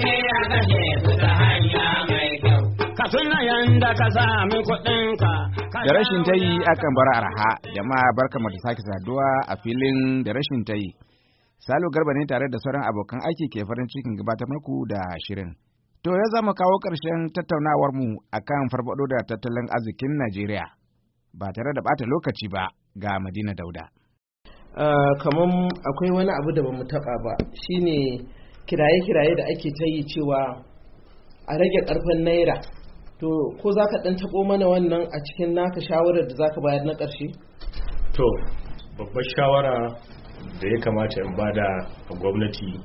kuɗi a ta hanya mai kyau. Ka yanda ka Da rashin ta yi akan bar arha, jama'a barkamu da sake saduwa a filin da rashin ta yi. Salo Garba ne tare da sauran abokan aiki ke farin cikin gabatar muku da shirin. To ya za kawo ƙarshen tattaunawarmu a kan farfaɗo da tattalin arzikin Najeriya ba tare da bata lokaci ba ga Madina Dauda. Uh, ah, kamar akwai wani abu da ba mu taɓa ba shi shine kiraye-kiraye da ake ta yi cewa a rage karfin naira to ko za ka ɗan taɓo mana wannan a cikin naka shawarar da za ka bayar na ƙarshe to babbar shawara da ya kamata in bada a gwamnati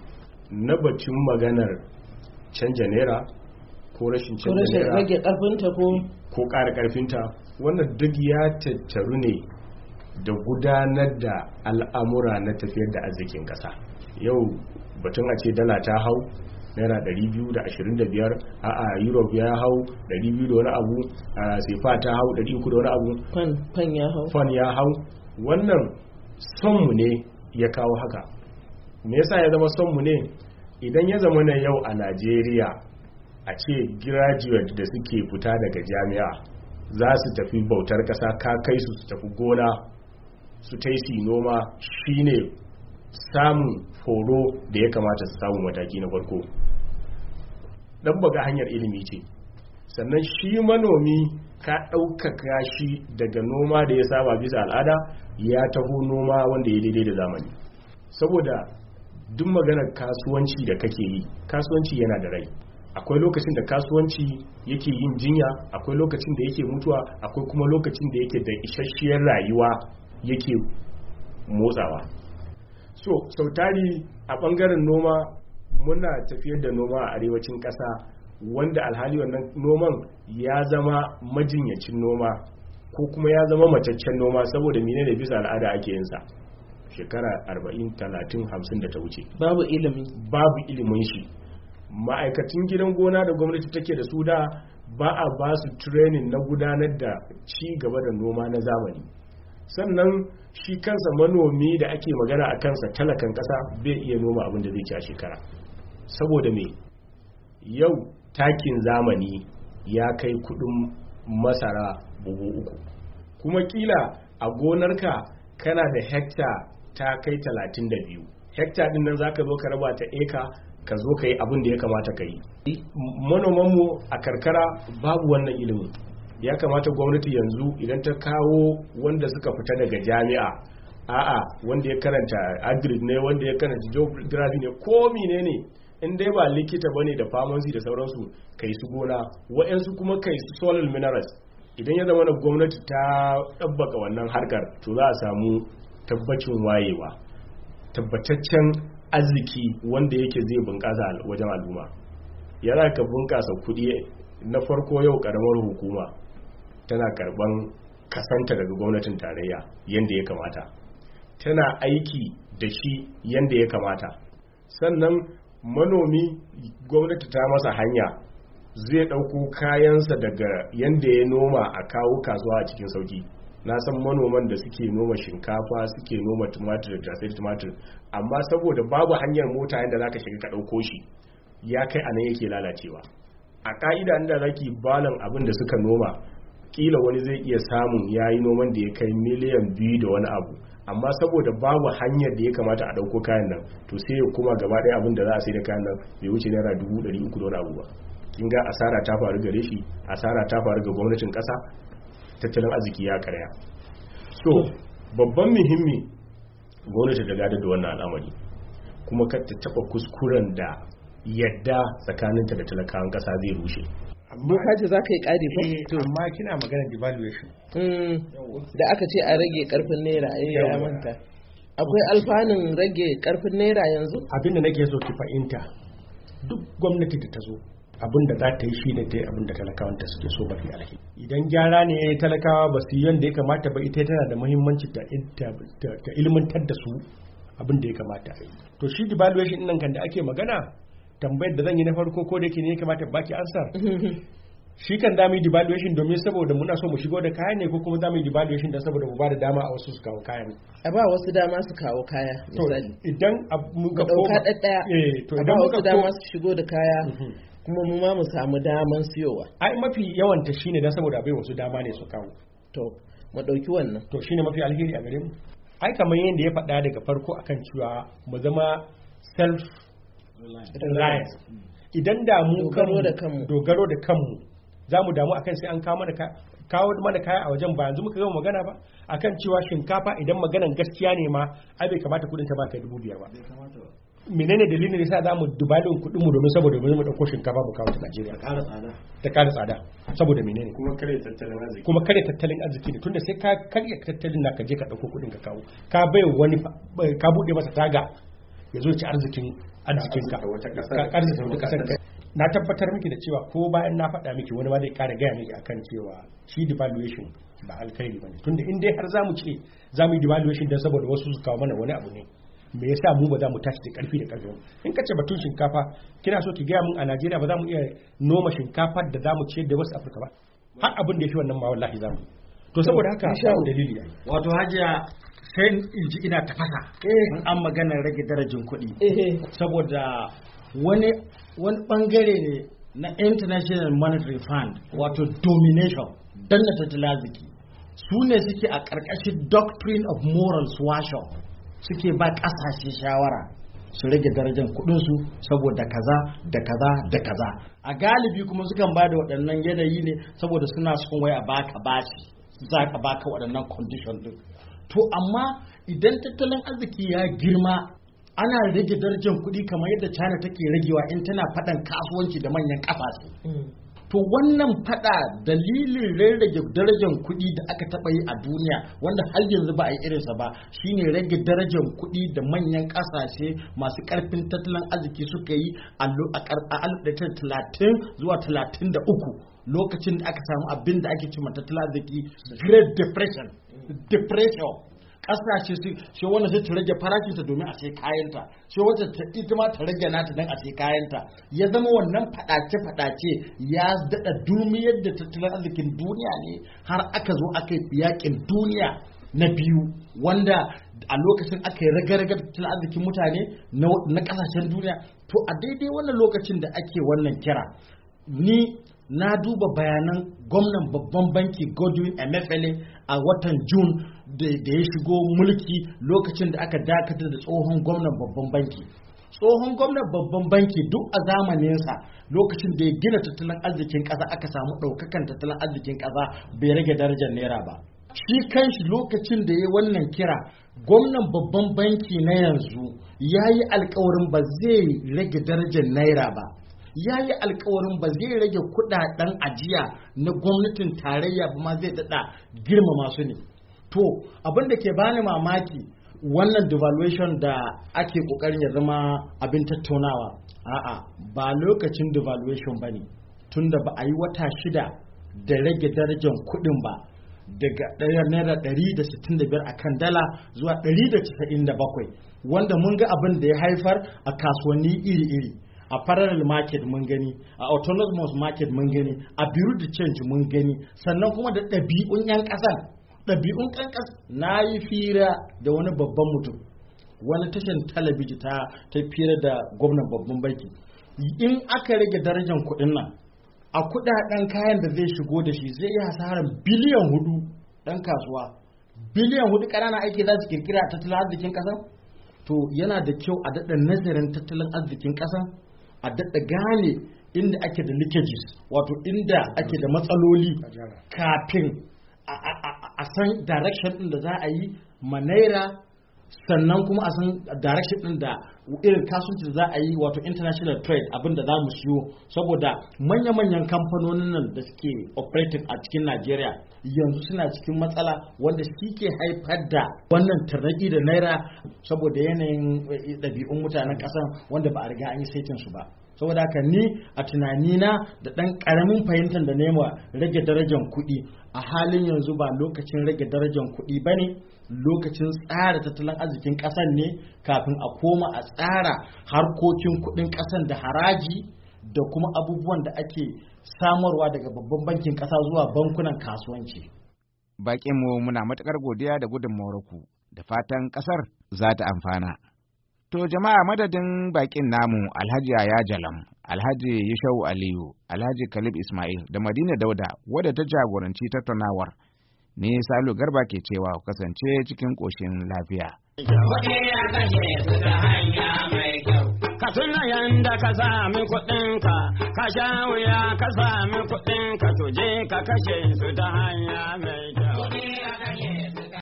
na batun maganar canja naira ko rashin canja naira ko ƙara karfinta wannan duk ya tattaru ne da gudanar da al'amura na tafiyar da arzikin ƙasa yau batun a ce dala ta hau naira 225 a a europe ya hau 200 da wani abu a sefa ta hau 300 da wani abu fan ya hau ya hau wannan sonmu ne ya kawo haka me yasa ya zama sonmu ne idan ya zama na yau a najeriya a ce graduate da suke fita daga jami'a za su tafi bautar kasa ka kai su su tafi gona su taisi noma shine samun horo da ya kamata su samu mataki na farko dan baga hanyar ilimi ce sannan shi manomi ka ɗaukaka shi daga noma da ya saba bisa al'ada ya taho noma wanda ya daidai da zamani saboda duk maganar kasuwanci da kake yi kasuwanci yana da rai akwai lokacin da kasuwanci yake yin jinya akwai lokacin da yake mutuwa akwai kuma lokacin da yake da isasshiyar rayuwa yake motsawa to tari a bangaren noma muna tafiyar da noma a arewacin ƙasa wanda alhali wannan noman ya zama majinyacin noma ko kuma ya zama mataccen noma saboda mine da bisa al'ada ake yinsa shekara 40 30 50 da ta wuce babu ilimin babu ilimin shi ma'aikacin gidan gona da gwamnati take da su da ba a ba su training na gudanar da ci gaba da noma na zamani sannan shi kansa manomi da ake magana a kansa talakan ƙasa bai iya noma abin da zai ci a shekara saboda me yau takin zamani ya kai kudin masara buhu uku kuma kila a gonarka kana da hekta ta kai talatin da biyu, hekta din nan zaka zo ka raba ta eka ka zo ka yi abin da ya kamata ka yi manomanmu a karkara babu wannan ilimin ya kamata gwamnati yanzu idan ta kawo wanda suka fita daga jami'a a'a wanda ya karanta agrid ne wanda ya karanta geography ne ko mine ne in dai ba likita bane da pharmacy da sauransu kai su gona wa'yansu kuma kai su soil minerals idan ya zama na gwamnati ta tabbaka wannan harkar to za a samu tabbacin wayewa tabbataccen arziki wanda yake zai bunƙasa wajen al'umma yana ka bunƙasa kuɗi na farko yau ƙaramar hukuma tana karban kasanta daga gwamnatin tarayya yadda ya kamata tana aiki da shi yadda ya kamata sannan manomi gwamnati ta masa hanya zai ɗauko kayansa daga yadda ya noma a kawo kasuwa a cikin sauki na san manoman da suke noma shinkafa suke noma tumatir da sai tumatir amma saboda babu hanyar mota yadda za ka shiga ka ɗauko shi ya kai a anan yake lalacewa a ka'ida inda ki balan abin da suka noma kila wani zai iya samun ya yi noman da ya kai miliyan biyu da wani abu amma saboda babu hanyar da ya kamata a ɗauko kayan nan to sai kuma gaba ɗaya abin da za a sai da kayan nan bai wuce naira dubu ɗari uku da abu ba kin ga asara ta faru gare shi asara ta faru ga gwamnatin ƙasa tattalin arziki ya karya so babban muhimmi gwamnati ta gada da wannan al'amari kuma ka ta taɓa kuskuren da yadda tsakaninta da talakawan ƙasa zai rushe amma kaji za ka yi ƙari ba eh, amma kina magana devaluation hmm, da aka ce a rage karfin naira eh, ya manta akwai alfanun rage karfin naira yanzu Abinda nake so ki fahimta duk gwamnati da ta zo abin da za ta yi shi ne ta yi abin da talakawan ta suke so fi alheri idan gyara ne talakawa ba su yi yadda ya kamata ba ita tana da muhimmanci ta ilmantar da su abin da ya kamata to shi devaluation nan kan da ake magana tambayar da zan yi na farko ko da yake ne ya kamata baki ansar shi kan da mu yi devaluation domin saboda muna so mu shigo da kaya ne ko kuma za mu yi devaluation da saboda mu ba da dama a wasu su kawo kaya ne a ba wasu dama su kawo kaya misali idan ga dauka daddaya eh to idan muka dama su shigo da kaya mhm. kuma mu ma mu samu daman siyowa ai mafi yawan ta shine dan saboda bai wasu dama ne su kawo to mu dauki wannan to shine mafi alheri a gare mu ai kamar yadda ya faɗa daga farko akan cewa mu zama self idan da mu dogaro da kanmu za mu damu akan sai an kawo mana kawo mana kaya a wajen ba yanzu muka gama magana ba akan cewa shinkafa idan maganan gaskiya ne ma ai bai kamata kudin ta ba kai dubu biyar ba menene dalilin yasa za mu dubalin kudin mu domin saboda mu dauko shinkafa mu kawo ta Najeriya ta ƙara tsada ta ƙara tsada saboda menene kuma kare tattalin arziki kuma kare tattalin arziki ne tunda sai ka karya tattalin naka je ka dauko kuɗin ka kawo ka bai wani ka bude masa taga ya zo ci arzikin arzikinka ka kasar na tabbatar miki da cewa ko bayan na faɗa miki wani ma zai ƙara gaya miki akan cewa shi devaluation ba alkhairi bane tunda in dai har zamu ce zamu yi devaluation dan saboda wasu su kawo mana wani abu ne me yasa mu ba za mu tashi da karfi da karfi in ka ce batun shinkafa kina so ki gaya mun a Najeriya ba za mu iya noma shinkafa da zamu ce da wasu Afirka ba har abin da ya fi wannan ma wallahi zamu to saboda haka dalili wato hajiya sai in ji ina tafasa eh. in an magana rage darajin kuɗi eh, eh. saboda wani wani bangare ne na international monetary fund wato domination don na tattala su ne suke a ƙarƙashin doctrine of moral swashon suke ba ƙasashe shawara su rage darajar kuɗinsu saboda kaza da kaza da kaza a galibi kuma sukan ba da waɗannan yanayi ne saboda suna son waya baka bashi za ka baka waɗannan condition din to amma idan tattalin arziki ya girma ana rage darajar kuɗi kamar yadda china take ragewa in tana faɗan kasuwanci da manyan ƙasashe hmm. to wannan faɗa dalilin rage darajar kuɗi da aka taɓa yi a duniya wanda har yanzu ba a yi irinsa ba shine rage darajar kuɗi da manyan ƙasashe masu ƙarfin tattalin arziki suka yi a 1930 zuwa 33 lokacin da aka samu abin da ake cimma tattalin arziki great depression depression kasashe su shi wannan sai ta rage farashinta domin a sai kayanta sai wata ta ita ma ta rage nata dan a sai kayanta ya zama wannan fadace fadace ya dada dumiyar da tattalin arzikin duniya ne har aka zo aka yi yakin duniya na biyu wanda a lokacin aka yi raga-raga tattalin arzikin mutane na kasashen duniya to a daidai wannan lokacin da ake wannan kira ni na duba bayanan gwamnan babban banki godwin MFLA a watan Jun da ya shigo mulki lokacin da aka dakatar da tsohon gwamnan babban banki tsohon gwamnan babban banki duk a zamaninsa lokacin da ya gina tattalin arzikin ƙasa aka samu ɗaukakan tattalin arzikin ƙasa bai rage darajar naira ba shi kan shi lokacin da ya yi wannan kira gwamnan babban banki na yanzu ya yi alkawarin ba zai rage darajar naira ba ya yi alkawarin ba zai rage kudaden ajiya na gwamnatin tarayya ba ma zai dada girmama su ne to abin da ke bani mamaki wannan devaluation da ake kokarin ya zama abin tattaunawa a'a ba lokacin devaluation ba ne tunda ba a yi wata shida da rage darajar kudin ba daga naira 165 a kan dala zuwa 197 wanda mun ga abin da ya haifar a kasuwanni iri-iri a parallel market mun gani a autonomous market mun gani a bureau de change mun gani sannan kuma da ɗabi'un 'yan ƙasar. ɗabi'un ƙan na yi fira da wani babban mutum wani tashin talabiji ta ta fira da gwamnan babban banki in aka rage darajar kuɗin nan a kuɗaɗen kayan da zai shigo da shi zai yi hasarar biliyan hudu ɗan kasuwa biliyan hudu ƙanana aiki za su kirkira tattalin arzikin ƙasa to yana da kyau a daɗa nazarin tattalin arzikin ƙasa a daɗa gane inda ake da leakages wato inda ake da matsaloli kafin a san direction ɗin da za a yi ma naira sannan kuma a san direction din da irin kasuwanci da za a yi wato international trade abin da za mu siyo saboda manya-manyan kamfanonin nan da suke operating a cikin Najeriya yanzu suna cikin matsala wanda shi ke haifar da wannan tarnaki da naira saboda yanayin eh, ɗabi'un mutanen ƙasar wanda ba a riga an yi saitin su ba. saboda haka ni a tunanina da ɗan ƙaramin fahimtar da nema rage darajar kuɗi a halin yanzu ba lokacin rage darajar kuɗi ba ne lokacin tsara tattalin arzikin ƙasar ne kafin a koma a tsara harkokin kuɗin ƙasan da haraji da kuma abubuwan da ake samarwa daga babban bankin ƙasa zuwa bankunan kasuwanci. mu muna matuƙar godiya da gudunmawar ku da fatan ƙasar za ta amfana. To jama'a madadin bakin namu Alhaji aya Jalam, Alhaji Yishau Aliyu, Alhaji Kalib Ismail da Madina Dauda wadda ta jagoranci tattaunawar. ne Salu Garba ke cewa kasance cikin ƙoshin lafiya. Ka tuna yanda ka sami kuɗinka, ka sha wuya ka sami kuɗinka, to je ka kashe su ta hanya mai kyau.